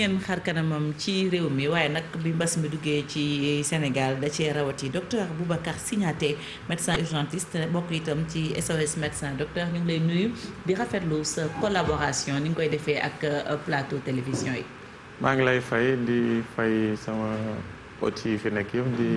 ngeen xar kanamam ci réew mi waaye nag bi mbas mi duggee ci Sénégal da cee rawati docteur Boubacar Signaté médecin urgentiste bokk itam ci SOS médecin docteur ñu ngi lay nuyu di rafetlu sa collaboration ni nga koy defee ak euh, plateau télévision yi. maa ngi lay fay di fay sama. hôtes yi fi nekk yëpp di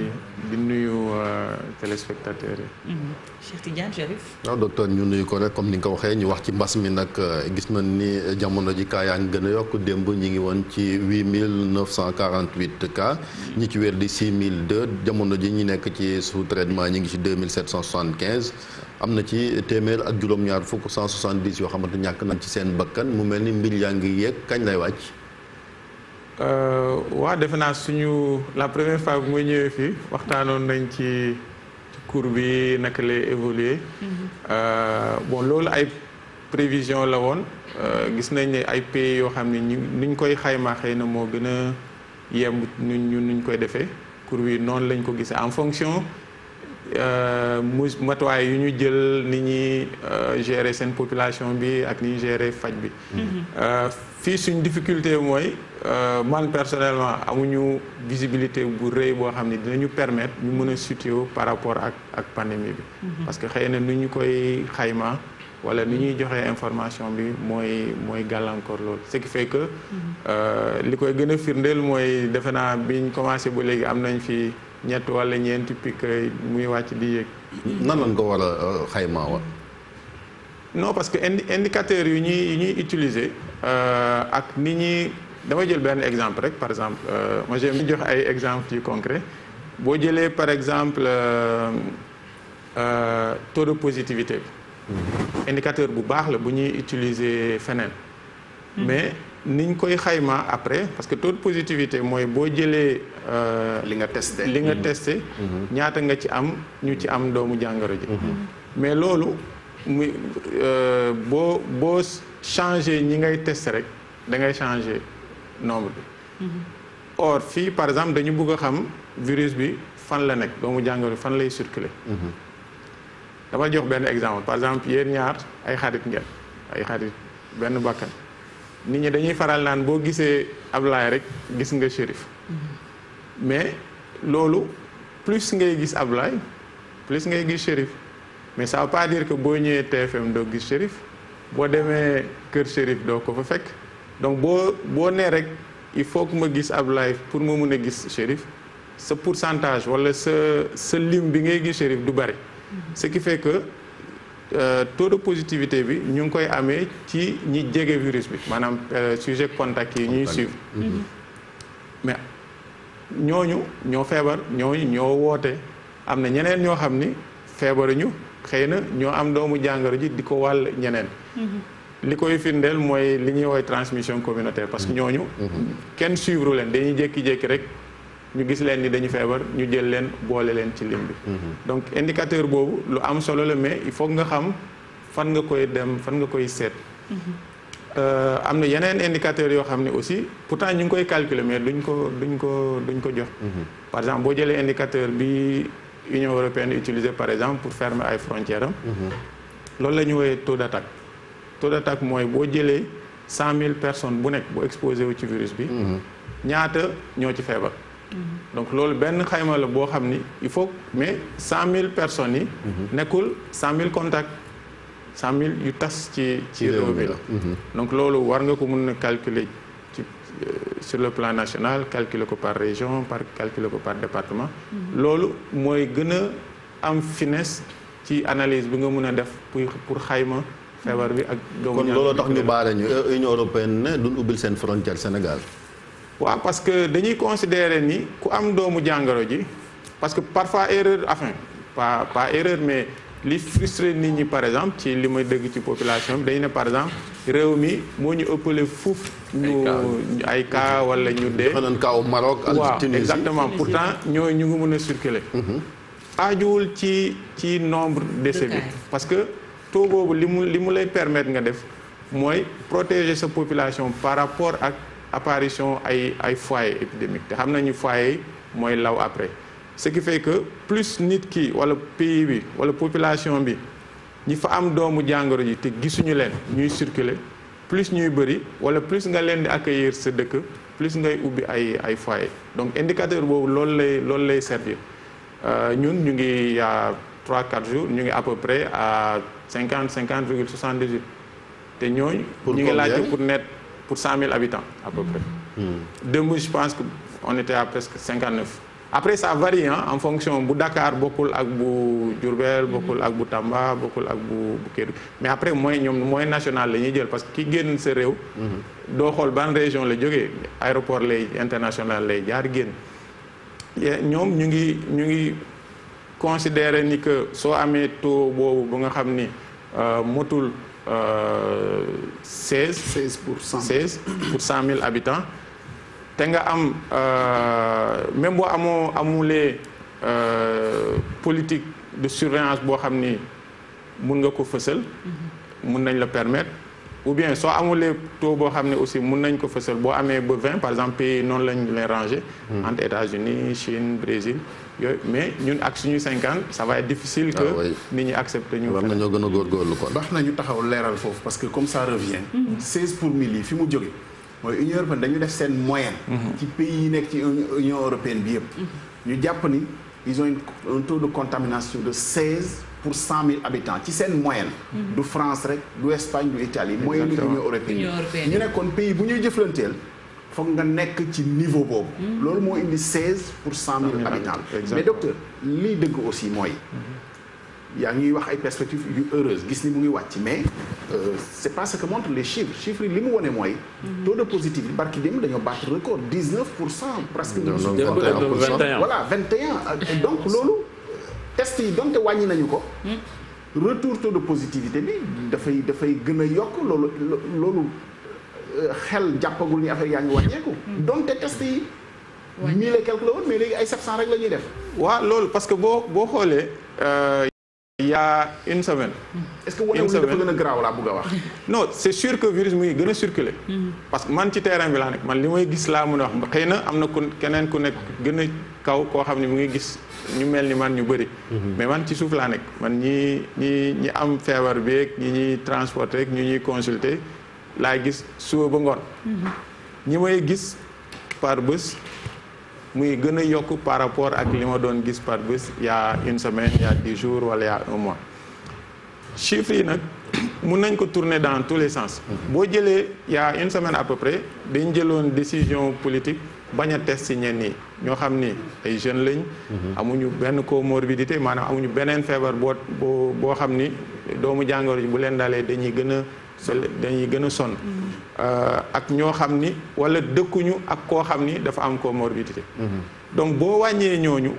di nuyu euh, téléspectateurs yi. Mhm. Cheikh Tidiane Chérif. waaw docteur ñu nuyu ko rek comme ni nga ko waxee ñu wax ci mbas mi nag euh, gis nañ ni jamono ji cas yaa ngi gën a yokk démb ñi ngi woon ci huit mille neuf cent quarante huit cas. Mhm. ñi ci wér di mille deux jamono ji ñi nekk ci sous traitement ñi ngi ci deux mille sept cent soixante am na ci téeméer ak juróom-ñaar fukk cent soixante dix yoo xamante ñàkk nañ ci seen bakkan mu mel ni mbir yaa ngi yéeg kañ lay wàcc. Euh, waa defe naa suñu la première fois bu ma ñëwee fii waxtaanoon nañ ci cours bi naka lay évoluer mhm. euh, bo loolu ay prévision la woon euh, gis nañ ni ay pays yoo xam ne ñu nuñ koy xayma xëy na moo gën a yemb ñu nuñ koy defee cours bi noonu lañ ko gisee en fonction mu matuwaay yu ñu jël ni ñuy gérer seen population bi ak ni ñuy gérer faj bi mhm. fii suñ difficulté mooy euh, man personnellement amuñu visibilité bu rëy boo xam ne ñu permettre ñu mën a situer par rapport ak ak pandémie bi mhm. parce que xëy na nu ñu koy xayma wala ni ñuy joxee information bi mooy mooy gàllankoor loolu ce qui fait que mhm. euh, li koy gën a firndeel mooy defe naa biñ commencé ba léegi am nañ fii ñett wala ñeenti pic muy wàcc di yéeg nan lañ ko war a euh, xayma wa non parce que indi indicateurs yu ñuy yu ñuy Euh, ak ni ñi damay jël benn exemple rek par exemple euh, moi j'aime jox ay exemples yu concret boo jëlee par exemple euh, taux de positivité mm-hmm. indicateur bu baax la bu ñuy utiliser feneen mm-hmm. mais niñ koy xayma après parce que taux de positivité mooy boo jëlee li nga testé li nga mm-hmm. testé ñaata nga ci am ñu ci am doomu jàngoro ji mais loolu boo boo changer ñi ngay tester rek da ngay changer nombre bi. Mm-hmm. or fii par exemple dañu bugg a xam virus bi fan la nekk doomu jàngoro fan lay circuler. Mm-hmm. dama jox benn exemple par exemple yéen ñaar ay xarit ngeen ay xarit benn bakkan nit ñi dañuy faral naan boo gisee Ablaye rek gis nga Chérif. Mm-hmm. mais loolu plus ngay gis Ablaye plus ngay gis Chérif mais ça veut pas dire que boo ñëwee TFM doo gis Chérif. boo demee kër shérif doo ko fa fekk donc boo boo nee rek il faut que ma gis ab live pour ma mun a gis shérif sa pourcentage wala sa sa lim bi ngay gis shérif du bari mhm. ce qui fait que euh, taux de positivité bi ñu ngi koy amee ci ñi jege virus bi maanaam euh, sujet contact yi ñuy suivre mhm. mais ñooñu ñoo feebar ñooñu ñoo woote am na ñeneen ñoo xam ni feebaruñu xëy na ñoo am doomu jàngoro ji di ko wàll ñeneen mm-hmm. li koy firndeel mooy li ñuy woy transmission communautaire parce que mm-hmm. ñooñu mm-hmm. kenn suivre leen dañuy jékki-jékki rek ñu gis leen ni dañu feebar ñu jël leen boole leen ci lim bi donc indicateur boobu lu am solo la mais il faut nga xam fan nga koy dem fan nga koy seet euh, am na yeneen indicateurs yoo xam ne aussi pourtant ñu ngi koy calculer mais duñ ko duñ ko duñ ko jox par exemple boo jëlee indicateur bi Union européenne utilisé par exemple pour fermer ay frontières am. Mhm. loolu la ñu woowee taux d'attaque taux d'attaque mooy boo jëlee cent mille personnes bu nekk bu exposé wu ci virus bi. Mhm. ñaata ñoo ci feebar. Mhm. donc loolu benn xayma la boo xam ni il faut mais cent mille personnes yi. nekkul cent mille contacts cent mille yu tas ci ci réew mi la. donc loolu war nga ko mun na calculer. sur le plan national calculer ko par région par calculer ko par département mhm. loolu mooy gën a am finesse ci analyse bi nga mun a def pour pour xayma feebar bi ak kon looloo tax ñu baare ñu euh, union européenne ne duñ ubbil seen frontière Sénégal waaw parce que dañuy considérer ni ku am doomu jàngoro ji parce que parfois erreur enfin pas erreur mais li frustré nit ñi par exemple ci li may dëgg ci population bi dañu ne par exemple réew mi moo ñu ëppale fuuf ñu ay cas wala ñu dee waaw exactement pourtant ñoo ñu ngi mën a circuler mhm. aajuwul ci ci nombre décès bi parce que taux boobu li mu li mu lay permettre nga def mooy protéger sa population par rapport ak apparition ay ay foyer épidémique te xam nañu foyer mooy law après ce qui fait que plus nit ki wala pays bi wala population bi ñi fa am doomu jàngoro ji te gisuñu leen ñuy circuler plus ñuy bëri wala plus nga leen di accueillir sa dëkk plus ngay ubbi ay ay foyer donc indicateur boobu loolu lay loolu lay servir euh, ñun ñu ngi ya 3 4 jours ñu ngi à peu près à 50 50 virgule 78 te ñooñu. ñu ngi laajte pour net pour 100 000 habitants à peu hmm. je pense que on était à presque 59. après sa varie en fonction bu Dakar bokkul ak bu Diourbel bokkul ak bu Tamba bokkul ak bu bu Kédougou mais après mooy ñoom mooy national la ñuy jël parce que ki génn sa réew mhm. doo xool ban région la jógee aéroport lay international lay jaar génn ñoom ñu ngi ñu ngi considérer ni que soo amee taux boobu bu nga xam ni euh, motul euh, seize seize pour cent mille habitants te nga am euh, même boo amoo amulee euh, politique de surveillance boo xam ni mun nga ko fësal. Mhm. mun nañ la permettre ou bien soo amulee taux boo xam ne aussi mun nañ ko fësal boo amee ba vingt par exemple pays noonu lañ leen rangé. Mhm. entre États-Unis Chine Brésil yooyu mais ñun ak suñu cinquante ça va être difficile. que ah nit ñi accepter ñu. war nañoo gën a góorgóorlu kon. baax na ñu taxaw leeral foofu parce que comme ça revient. Mhm. seize pour mille yi fi mu jógee. mooy Union européenne dañu def seen moyenne. Mhm. ci pays yi nekk ci Union européenne bi yëpp. Mhm. ñu jàpp ni ils ont un taux de contamination de seize pour cent mille habitants ci seen moyenne. Mhm. du France rek du Espagne du Italie. moyenne du Union européenne ñu nekkoon pays bu ñuy jëflanteel. foog nga nekk ci niveau boobu. loolu moo indi seize pour cent mille habitants mais docteur lii dëgg aussi mooy. yaa ngi wax ay perspectives yu heureuse gis ni mu ngi wàcc mais euh, c' est que montrent les chiffres chiffres yi li mu wone mooy. Mhm. taux de positif bi barki dem dañoo battre record 19 pour cent. presque ñu ngi voilà euh, donc loolu test yi donte wàññi nañu ko. Hmm. retour taux de positivité bi dafay dafay gën a yokk loolu loolu euh, xel jàppagul ni affaire yaa ngi wàññeeku. Hmm. donte test yi. mille et quelque la woon mais léegi ay 700 rek la ñuy def. waaw loolu parce que boo boo xoolee. il y a une semaine. Hmm. est-ce que wala dafa gën a wax. non c'est sûr que virus mu ngi gën circuler. Hmm. parce que man ci terrain bi laa nekk man li may gis laa mën a wax xëy na am na ku keneen ku nekk gën kaw koo xam ne mu ngi gis ñu mel ni man ñu bëri. Hmm. mais man ci suuf laa nekk man ñi ñi am feebar beeg ñi ñuy transporter ak ñi ñuy consulter laay gis suba ba ngoon. ñi may gis par bés. muy gën a yokk par rapport ak li ma doon gis par bés y a une semaine y a dix jours wala y un mois chiffres yi nag mun nañ ko tourner dans tous les sens boo jëlee yaa une semaine à près dañ jëloon décision politique bañ a test si ñenn ñoo xam ni ay jeunes lañ mhm. amuñu benn comorbidité maanaam amuñu beneen feebar boo boo boo xam ni doomu jàngoro ji bu leen daalee dañuy gën a dañuy gën a sonn mm. euh, ak ñoo xam ni wala dëkkuñu ak koo xam ni dafa am comorbidité mm-hmm. donc boo wàññee ñooñu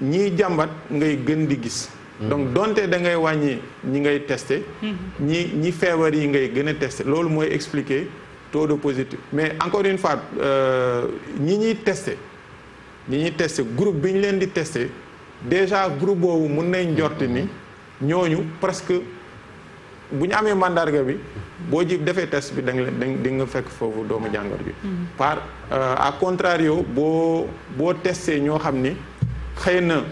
ñii jàmbat ngay gën di gis mm-hmm. donc donte da ngay wàññi ñi ngay testé mm-hmm. ñi ñi feebar yi ngay gën a testé loolu mooy expliquer taux de positif mais encore une fois euh, ñi ñuy testé ñi ñuy testé groupe bi ñu leen di teste déjà groupe boobu mun nañ njort ni ñooñu presque bu ñu amee mandarga bi boo ji defee test bi da nga leen di nga fekk foofu doomu jàngoro bi mm-hmm. par euh, à contrario boo boo testé ñoo xam ni xëy na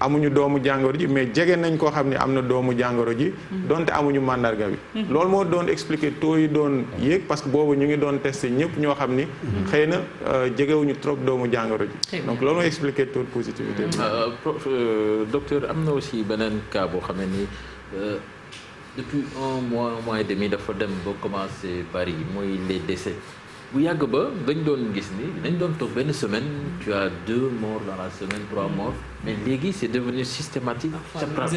amuñu doomu jàngoro ji mais jege nañ koo xam ne am na doomu jàngoro ji mm-hmm. donte amuñu mandarga bi mm-hmm. loolu moo doon expliquer taux yi doon yéeg parce que boobu ñu ngi doon testé ñëpp ñoo xam ni xëy na euh, jegewuñu trop doomu jàngoro ji donc lool moo expliqué taux de positivité bi euh, docteur am na aussi beneen cas boo xam ne ni depuis un mois un mois et demi dafa dem ba commencé bari mooy les décès bu yàgg ba dañ doon gis ni dañ doon toog benn semaine tu as deux morts dans la semaine trois mm. morts mais léegi c'est devenu systématique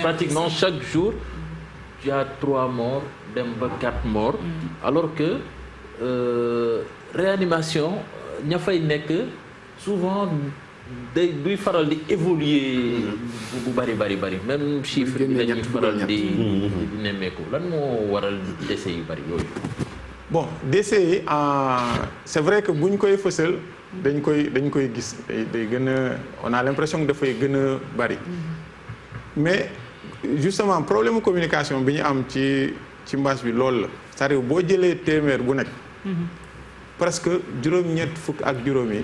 pratiquement chaque jour tu as trois morts dem ba quatre morts mm. alors que euh, réanimation ña fay nekk souvent day duy faral di évoluer bu bari bari bari même chiffre bi dañuy faral di di nemmeeku lan moo waral décès yu bari yooyu bon décès yi c'est vrai que bu ñu koy fësal dañ koy dañ koy gis day gën a on a l'impression dafay gën a bari mm-hmm. mais justement problème communication bi ñu am ci ci mbas bi loolu la sari boo jëlee téeméer bu nekk mm-hmm. presque juróom-ñett fukk ak juróom yi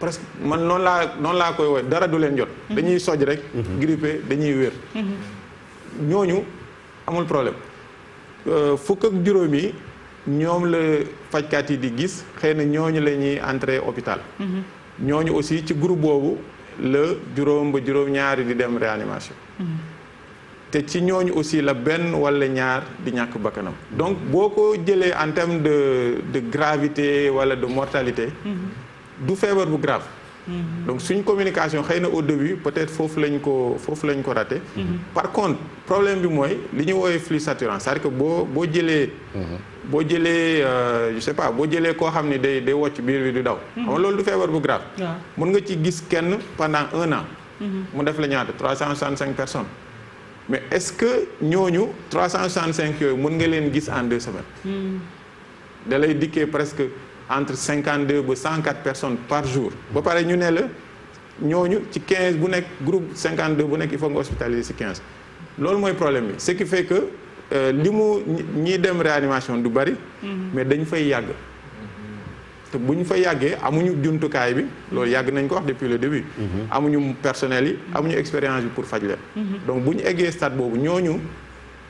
presque man noonu laa noonu laa koy woy dara du leen jot. Mhm. dañuy soj rek. Mhm. grippé dañuy wér. Mhm. ñooñu amul problème euh, fukk ak juróom yi ñoom la fajkat yi di gis xëy na ñooñu la ñuy entré hôpital. ñooñu aussi ci groupe boobu la juróom ba juróom-ñaari di dem réanimation. te ci ñooñu aussi la benn walla ñaar di ñàkk bakkanam. donc boo ko jëlee en terme de de gravité walla de mortalité. du feebar bu grave. Mhm. donc suñ communication xëy na au début peut-être foofu lañ ko foofu lañ ko raté. Mhm. par contre problème bi mooy li ñu woowee flux saturant cest boo boo jëlee. Mhm. boo jëlee euh, je sais pas boo jëlee koo xam ne day day wocc biir bi du daw. xam nga loolu du feebar bu grave. mën nga ci gis kenn pendant un an. mu def la ñaata trois cent soixante cinq personnes. mais est-ce que ñooñu trois cent cinq yooyu mën nga leen gis en deux semaines. da lay dikkee presque. entre cinquante deux ba cent quatre personnes par jour. ba pare ñu ne la ñooñu ci quinze bu nekk groupe cinquante bu nekk il faut nga hospitaliser si quinze. loolu mooy problème bi ce qui fait que euh, li mu ñi dem réanimation du bari. Mm-hmm. mais dañ fay yàgg. te bu ñu fay yàggee amuñu jumtukaay bi loolu yàgg nañ ko wax depuis le début. Mm-hmm. amuñu personnel yi amuñu expérience bi pour faj leen. Mm-hmm. donc bu ñu eggee stade boobu ñooñu.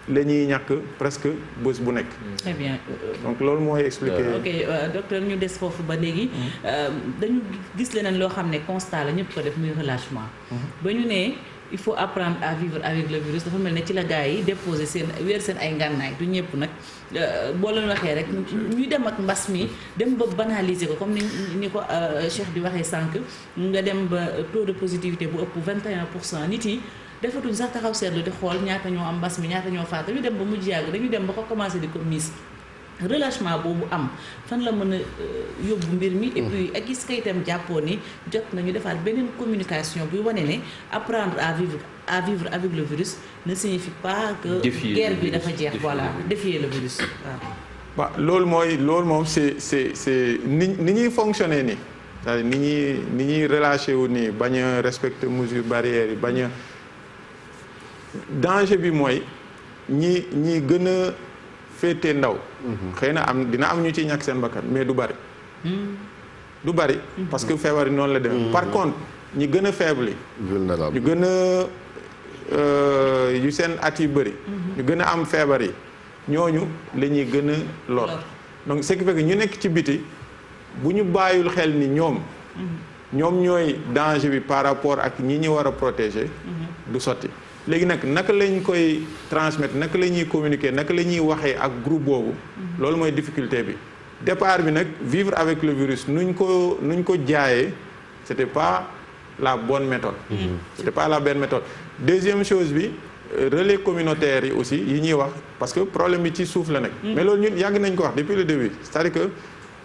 la ñuy ñàkk presque bés bu nekk. très bien donc loolu mooy expliquer. ok euh, docteur ñu des foofu ba léegi. Mm-hmm. Euh, dañu gis leneen loo xam ne constat la ñëpp ko def muy relâchement. Mm-hmm. ba ñu nee il faut apprendre à vivre avec le virus dafa mel ne ci la gars yi déposé seen weer seen ay ngànnaay du ñëpp nag euh, boo leen waxee rek ñu dem ak mbas mi mm-hmm. dem ba banaliser ko comme ni ni ko Cheikh di waxee sànq nga dem ba taux de positivité bu ëpp 21 pour cent nit yi. defatuñ sax taxaw seetlu de xool ñaata ñoo am mbas mi ñaata ñoo faat dañu dem ba mujj yàgg dañu dem ba ko commencé di ko miis relâchement boobu am fan la mën a euh, yóbbu mbir mi. et mm. puis ak gis kay itam jàppoo ni jot nañu defaat beneen communication bi wane ne apprendre à vivre à vivre avec le virus ne signifie pas que. guerre bi dafa jeex voilà défier le virus waaw. loolu mooy loolu moom c'est c'est c'est ni ni ñuy fonctionner nii. ni ñuy ni ñuy relâché wu nii bañ a respecter mesures barrières yi bañ danger bi mooy ñi ñi gën a féete ndaw. Mhm. xëy na am dina am ñu ci ñàkk seen bakkan mais du bari. Hmm. du bari hmm. parce que feebar yi noonu la demee. Hmm. par contre ñi gën a faible. ñu gën a euh, yu seen at yu bëri. ñu gën a am feebar yi ñooñu la ñuy gën a lor. donc ce qui fait ñu nekk ci biti bu ñu bàyyul xel ni ñoom. ñoom ñooy danger bi par rapport ak ñi ñu war a protéger. du sotti. léegi nag naka lañ koy transmettre naka la ñuy communiquer naka la ñuy waxee ak groupe boobu mm-hmm. loolu mooy difficulté bi départ bi nag vivre avec le virus nuñ ko nuñ ko jaayee c'était pas la bonne méthode mm-hmm. Mm-hmm. c'était pas la bonne méthode deuxième chose bi relais communautaire yi aussi yi ñuy wax parce que problème bi ci suuf la nekk mais loolu ñun yàgg nañ ko wax depuis le début cest à que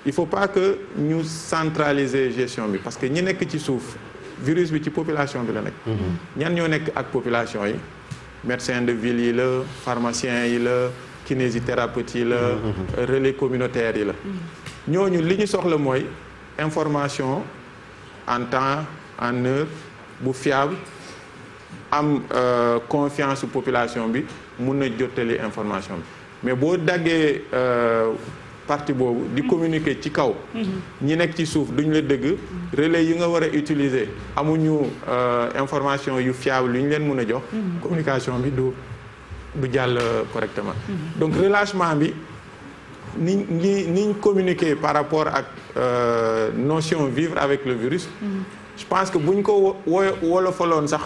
il faut pas que ñu centraliser gestion bi parce que ñi nekk ci suuf virus bi ci population bi la nekk. Mhm. ñan ñoo nekk ak population yi médecin de ville yi la pharmacien yi la kinésithérapeute yi la mhm, mhm, euh, relais communautaire yi la ñooñu li ñu soxla mooy information en temps en heure bu fiable am euh, confiance population bi mun na jottali information bi mais boo daggee euh, parti boobu di mm-hmm. communiquer ci kaw mm-hmm. ñi nekk ci suuf duñ la dëgg mm-hmm. relais yi nga war utiliser amuñu euh, information yu fiable yu ñu leen mën a jox communication bi du du jàll correctement donc relâchement bi ni ni niñ communiquer par rapport ak euh, notion vivre avec le virus je pense que bu ñu ko wo wolofaloon sax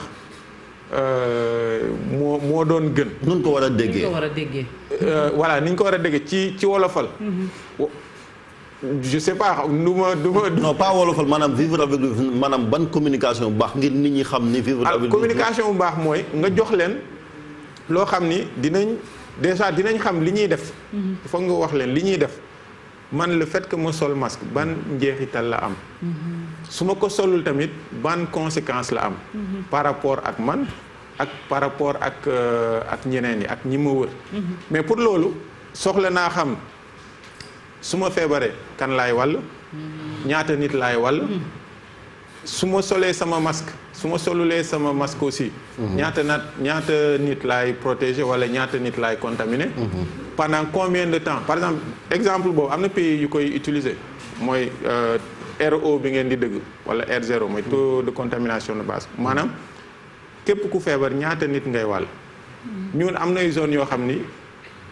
Euh, moo moo doon gën. nun ko war a déggee ko war a déggee. Euh, voilà ni ñu ko war a déggee ci ci wolofal. Mm-hmm. je sais pas du ma pas wolofal maanaam vivre avec maanaam ban communication bu baax ngir ni ñi xam ni. vivre avec communication bu baax mooy nga jox leen loo xam ni dinañ déjà dinañ xam li ñuy def. Mm-hmm. foog nga wax leen li ñuy def. man la fait que ma sol masque ban njeexital la am. Mm-hmm. su ma ko solul tamit ban conséquence la am. Mm-hmm. par rapport ak man ak par rapport ak euh, ak ñeneen yi ak ñi ma wër. Mm-hmm. mais pour loolu soxla naa xam su ma feebaree kan laay wàll. ñaata nit laay wal su ma solee sama masque. su ma solulee sama masque aussi. Mhm. ñaata nat ñaata nit laay protéger wala ñaata nit laay contaminer. Mhm. pendant combien de temps par exemple exemple boobu am na pays yu koy utiliser mooy euh, RO bi ngeen di dëgg wala R0 mooy mhm. taux de contamination de base maanaam képp ku feebar ñaata nit ngay wal ñun am nay zone yoo xam ni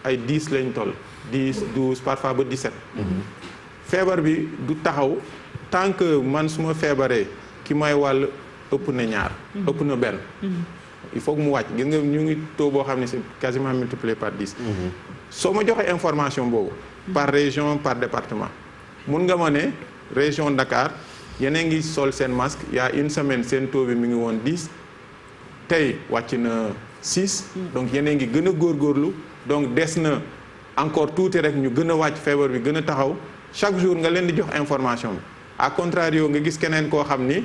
ay 10 lañ toll 10 12 parfois ba 17. feebar bi du taxaw tant que man su ma feebaree ki may wàll. ëpp na ñaar mm-hmm. ëpp na benn mm-hmm. il faut mu wàcc gis ñu ngi taux boo xam ne c'est quasiment multiplié par dix mm-hmm. soo ma joxee information boobu par région par département mun nga ma ne région Dakar yéen a ngi sol seen masque y une semaine seen taux bi mu ngi woon dix tey wàcc na six donc yéen a ngi gën a góorlu donc des na encore tuuti rek ñu gën a wàcc feebar bi gën a taxaw chaque jour nga leen di jox information bi à contrario nga gis keneen koo xam ni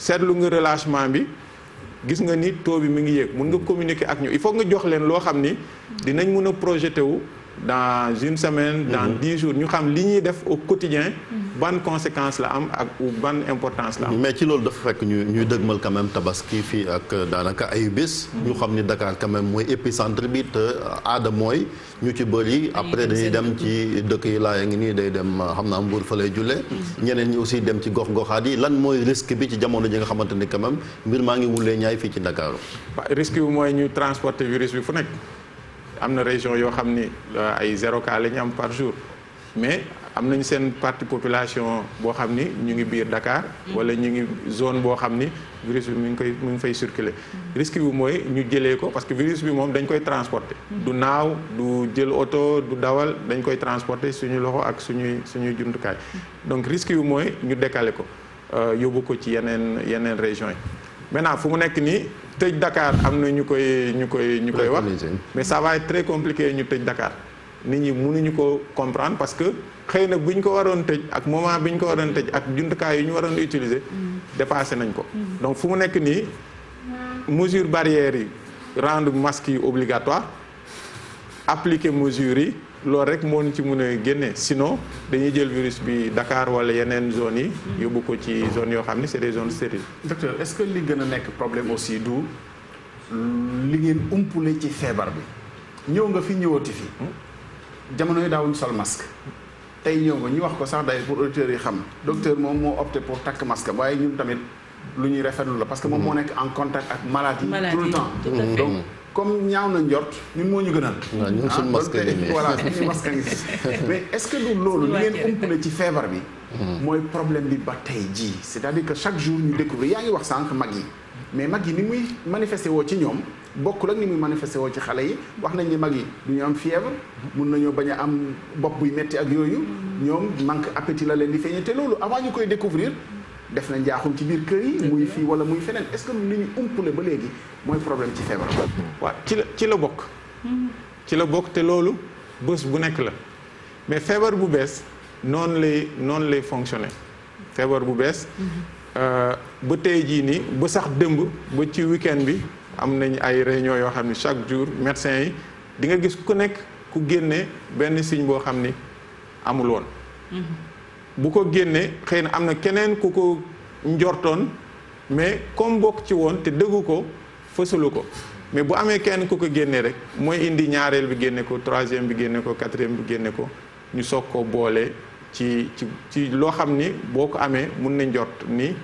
seetlu nga relâchement bi gis nga ni taux bi mi ngi yéeg mun nga communiquer ak ñu il faut nga jox leen loo xam ni dinañ mun a projeté wu dans une semaine dans mhm. dix jours ñu xam li ñuy def au quotidien mhm. ban conséquence la am ak ban importance la am. mais ci loolu dafa fekk ñu ñuy dëgmal quand même tabaski fii ak daanaka ay bés. ñu xam ni Dakar quand mooy épicentre bi te aada mooy ñu ci bëri après dañuy dem ci dëkk yi laaya ngi nii day dem xam naa Mbour fa lay jullee. Mm-hmm. ñeneen ñi aussi dem ci gox-goxaat yi lan mooy risque bi ci jamono ji nga xamante ni quand même mbir maa ngi wulee ñaay fii ci Dakar. waaw risque bi mooy ñu transporter virus bi fu nekk am na région yoo xam ni euh, ay zéro cas am par jour am nañu seen parti population boo xam ni ñu ngi biir Dakar. Mm-hmm. wala ñu ngi zone boo xam ni virus bi mu ngi koy mu ngi fay circuler. Mm-hmm. risque bi mooy ñu jëlee ko parce que virus bi moom dañ koy transporter. Mm-hmm. du naaw du jël oto du dawal dañ koy transporter suñu loxo ak suñuy suñuy jumtukaay. donc risque bi mooy ñu décaler ko euh, yóbbu ko ci yeneen yeneen régions yi. maintenant fu mu nekk nii tëj Dakar am na ñu koy ñu koy ñu koy wax mais ça va être très compliqué ñu tëj dakaar nit ñi mënuñu ko comprendre parce que xëy na bu ñu ko waroon tëj ak moment bi ñu ko waroon tëj ak jumtukaay yu ñu waroon utiliser. Mm. dépassé nañ ko. Mm. donc fu mu nekk nii mesure barrière yi rendre mask yi obligatoire appliquer mesures yi loolu rek moo ci mën a génne sinon dañuy jël virus bi Dakar wala yeneen zones yi. Mm. yóbbu ko ci zone yoo xam ne c'est des zones stériles. docteur est-ce que li gën a nekk problème aussi du li ngeen umpule ci feebar bi ñëw nga fi ñëwati fi. Hmm? jamono yi daawuñ sol masque tey ñëw ñu wax ko sax day pour auditeurs yi xam docteur moom moo opté pour takk masque waaye ñun tamit lu ñuy rafetlu la parce que moom moo nekk en contact ak maladie tout le temps comme ñaaw na njort ñun moo ñu gënal ñun ah, suñu masque voilà suñu masque ngi mais est-ce que loolu li ngeen umpale ci feebar bi hmm. mooy problème bi ba tey jii c'est-à-dire que chaque jour ñu découvrir yaa ngi wax sànq mag yi mais mag yi ni muy manifesté woo ci ñoom bokk ak ni muy manifesté woo ci xale yi wax nañ ni mag yi du ñu am fièvre mun nañoo bañ a am bopp buy metti ak yooyu ñoom manque appétit la leen di feeñe te loolu avant ñu koy découvrir def na njaaxum ci biir kër yi mm-hmm. muy fii wala muy feneen est-ce que li ñu umpule ba léegi mooy problème ci feebar waaw ci la ci la bokk mm-hmm. ci la bokk te loolu bés bu nekk la mais feebar bu bees noonu lay noonu lay fonctionné feebar bu bees mm-hmm. euh, ba tey jii nii ba sax dëmb ba ci week bi am nañ ay réunion yoo xam ne chaque jour médecin yi di nga gis ku nekk ku génne benn signe boo xam ni amuloon mm-hmm. bu ko génnee xëy na am na keneen ku ko njortoon mais comme bokk ci woon te dëggu ko fësalu ko mais bu amee kenn ku ko génnee rek mooy indi ñaareel bi génnee ko troisième bi génne ko quatrième bi génne ko ñu soog ko boole ci ci ci loo xam ni boo ko amee mun na njort ni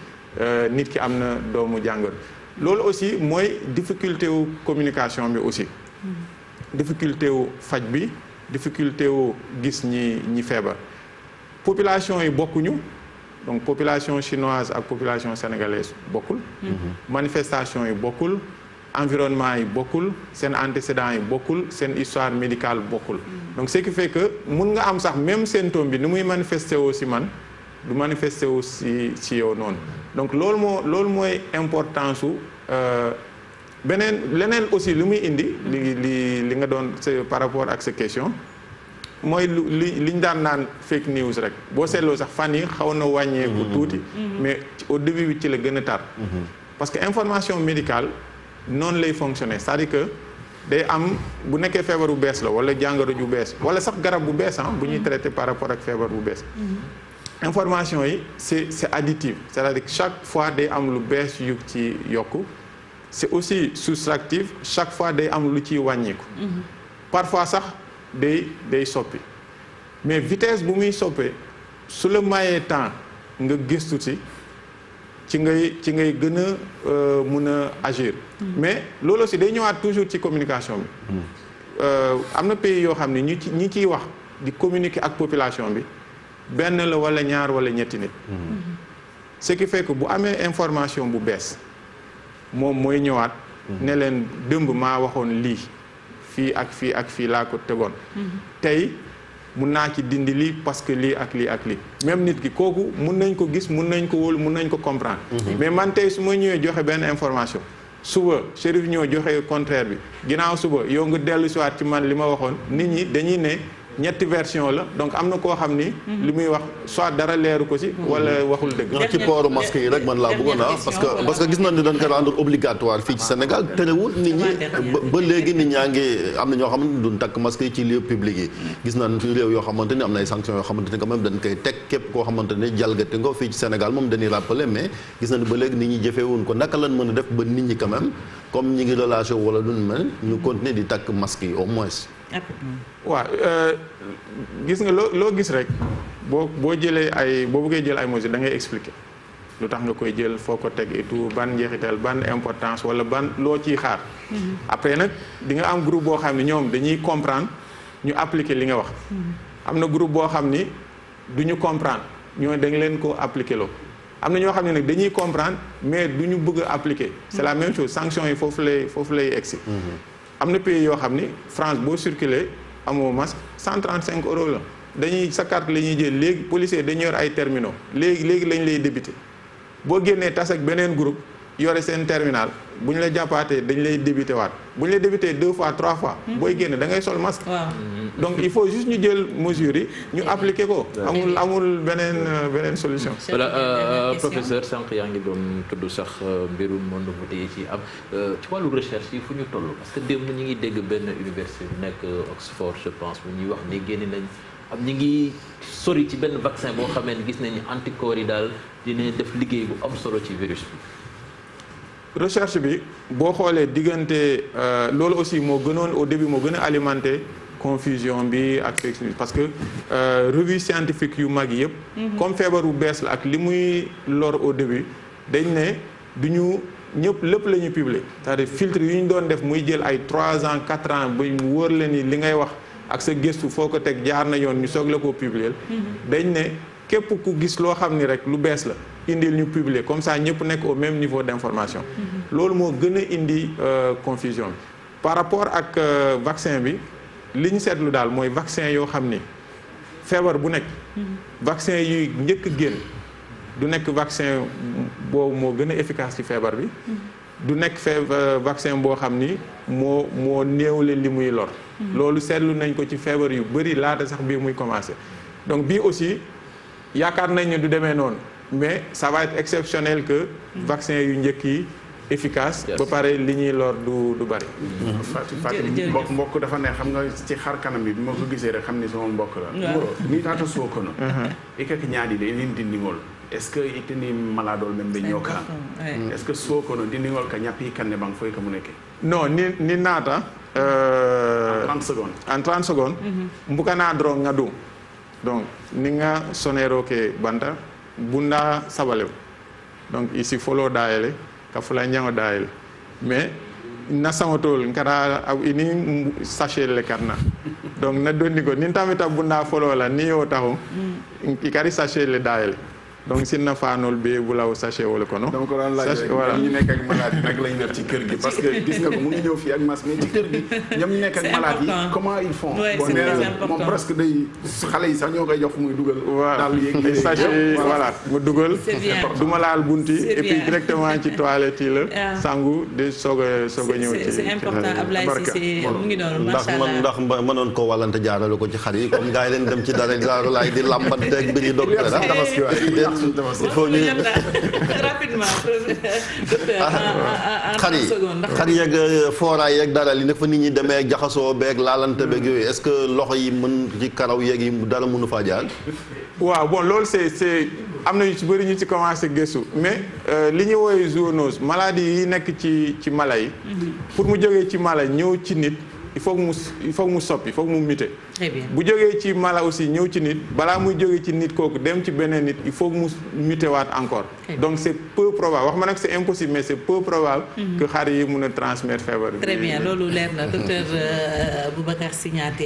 euh, nit ki am na doomu jàngoro loolu aussi mooy difficulté wu communication bi aussi difficulté wu faj bi difficulté wu gis ñi ñi feebar population yi bokkuñu donc population chinoise ak population sénégalaise bokkul mhm. manifestation yi bokkul environnement yi bokkul seen antécédent yi bokkul seen histoire médicale bokkul mhm. donc ce qui que mun nga am sax même symptôme bi ni muy manifesté aussi man du manifester wu si si yow noonu donc loolu moo loolu mooy importance su euh, beneen leneen aussi lu muy indi li li li nga doon par rapport ak sa question mooy lu li li ñu daan naan fake news rek boo seetloo sax fan yi xaw na wàññeeku mm-hmm. tuuti mm-hmm. mais au début bi ci la gën a tar mm-hmm. parce que information médical noonu lay fonctionner cest di que day am bu nekkee feebar bu bees la wala jàngoro ju bees wala sax garab bu bees ah bu ñuy traité par rapport ak feebar bu bees information yi c'est c'est additive c'est-à-dire que chaque fois day am lu bees yu ci yokku c'est aussi soustractif chaque fois day am lu ciy wàññiku mm-hmm. parfois sax day day soppi mais vitesse bu muy soppee su la mayee temps nga gistu ci ci ngay ci ngay gën a euh, mun a agir mm-hmm. mais loolu aussi day ñëwaat toujours ci communication bi mm-hmm. euh, am na pays yoo xam ne ñu ci ñi ciy wax di communiquer ak population bi benn la wala ñaar wala ñetti nit ce qui fait bu amee information bu bees moom mooy ñëwaat ne leen dëmb maa waxoon lii fii ak fii ak fii laa ko tegoon tey mun naa ci dindi lii parce que lii ak lii ak lii même nit ki kooku mun nañ ko gis mun nañ ko wóolu mun nañ ko comprendre mhm. mais man tey su ma ñëwee joxe benn information suba Chérif ñoo joxe contraire bi ginnaaw suba yow nga dellu siwaat ci man li ma waxoon nit ñi dañuy ne ñetti version la donc am na koo xam ni. Mhm. li muy wax soit dara leeru ko si. Mhm. wala waxul dëgg. ci pooru masque yi rek man laa bëggoon ah parce que parce que gis na ne dañ ko rendre obligatoire fii ci Sénégal terewul nit ñi ba léegi nit ñaa ngi am na ñoo xamante ne duñ takk masque yi ci lieu public yi. gis nañ fi réew yoo xamante ni am nay ay sanctions yoo xamante ni quand dañ koy teg képp koo xamante ne jalgati nga fii ci Sénégal moom dañuy rappeler mais gis nañ ba léegi nit ñi jëfewuñ ko naka lañ mën a def ñi quand même comme ñi ngi relation wala duñ mel ñu continuer di takk masque yi au moins Mm. waaw euh, gis nga loo loo gis rek boo boo jëlee ay boo bëggee jël ay mesures da ngay expliquer lu tax nga koy jël foo ko teg et tout ban njeexital ban importance wala ban loo ciy xaar. Mm-hmm. après nag di nga am groupe boo xam ne ñoom dañuy comprendre ñu appliquer li nga wax. Mm-hmm. am na groupe boo xam ni duñu ñu comprendre ñoo da nga leen ko appliquer loo. am na ñoo xam ne nag dañuy comprendre mais du ñu bëgg a appliquer. c'est mm-hmm. la même chose sanction yi foofu lay foofu lay egsi. am na pays yoo xam ni France boo circuler amoo masque cinq euros la dañuy sa carte la ñuy jël léegi policier dañu yor ay terminaux léegi léegi lañ lay débité boo génnee tas ak beneen groupe. yore seen terminal bu ñu la jàppaatee dañ lay débité waat bu ñu lay débité deux fois trois fois. Hmm. booy génn da ngay sol masque. donc il faut juste ñu jël mesures yi ñu hmm. appliquer ko. Hmm. amul amul beneen euh, beneen solution. voilà euh, euh, professeur sànq yaa ngi doon tudd sax mbirum monde voté yi ci am ci wàllu recherche yi fu ñu toll parce démb ñu ngi dégg benn université bu nekk Oxford je pense bu ñuy wax ni génne nañ. am ñu ngi sori ci benn vaccin boo xamee ne gis nañu anticorps yi daal dina def liggéey bu am solo ci virus recherche bi boo xoolee diggante euh, loolu aussi moo gënoon au début moo gën a alimenté confusion bi ak fake news parce que euh, revue scientifique yu mag yëpp. Mhm. comme feebar bu bees la ak li muy lor au début dañ ne duñu ñu ñëpp lépp la ñu publier cest à filtre yu ñu doon def muy jël ay trois ans quatre ans ba mu wóor la nii li ngay wax ak sa gëstu foo ko teg jaar na yoon ñu soog la koo publier. Mhm. dañ ne képp ku gis loo xam ni rek lu bees la. indil ñu publier comme ça ñëpp nekk au même niveau d'information loolu moo gën a indi euh, confusion bi par rapport ak euh, vaccin bi li ñu seetlu daal mooy vaccin yoo xam ni feebar bu nekk vaccin yuy njëkk génn du nekk vaccin boobu moo gën a efficace ci feebar bi du nekk fee euh, vaccin boo xam ni moo moo néewle li muy lor loolu seetlu nañ ko ci feebar yu bëri laata sax bii muy commencé donc bi aussi yaakaar nañ ne du demee noonu mais ça va être exceptionnel que vaccin yu njëkk yi efficace ba pare li ñuy lor du du bari mm-hmm. Fatou Fatou mbokk dafa ne xam nga ci xar kanam bi bi ma ko gisee rek xam ni sama mbokk la ni taata suwokono i kak ñaadile inin dindigol est-ce que itini maladol men ɓe ñooka est-ce que suwokono dindigol ka ñappi kanne bang foy ka mu nekke non ni naata euh, en 30 secondes en 30 secondes mm-hmm. mbukana nga du donc ni nga sonero banta bunda sabalem donc isi folo dayele ka fula ñango dayele mais na saŋotol nkata ini sachet le karna donc na donni nin tamita bunda folo la ni yo taxu mm. i kari sachet le dayele donc si nafaanul bi bu law sachet wala kono. donc daan laaj rek ñoom ñu nekk kër gi. parce que gis nga ko mu ngi ñëw fii ak mas mais ci kër gi. ñoom ñu nekk ak malade yi comment ils font. bon nee moom presque xale yi sax ñoo koy jox muy dugal. daal yéeg sachet voilà mu dugal. du ma laal bunti et puis directement ci toilette yi la. Ah. sangu de soog a soog a ñëw ci. c'est important Ablaye Cissé mu ngi doon macha allah ndax man ndax mënoon koo ko ci xar yi comme gars leen dem ci dara jaaralaay di làmbanteeg bi ñu docteur ah, il faut ñu rapidement yeeg eh, fooraay yeeg dara li nag fa nit ñi demee jaxasoo beeg laalante beeg hmm. yooyu loxo yi mën ci karaw yeeg yi dara mënu faa jaar waaw bon loolu c'est c'est am nañu ci bëri ñu ci commencé gëstu mais euh, li ñu wooyee zoonose maladie yi nekk ci ci mala yi hmm. pour mu jógee ci mala ñëw ci nit il faut mu mu soppi il faut mu muté. bu jógee ci mala aussi ñëw ci nit balaa muy jógee ci nit kooku dem ci beneen nit il faut mu muté waat encore. donc c' peu probable wax ma nag c' est impossible mais c' est peu probable. Mhm. que xar yi mun a transmettre feebar bi. très bien loolu leer na docteur euh, Boubacar Signaté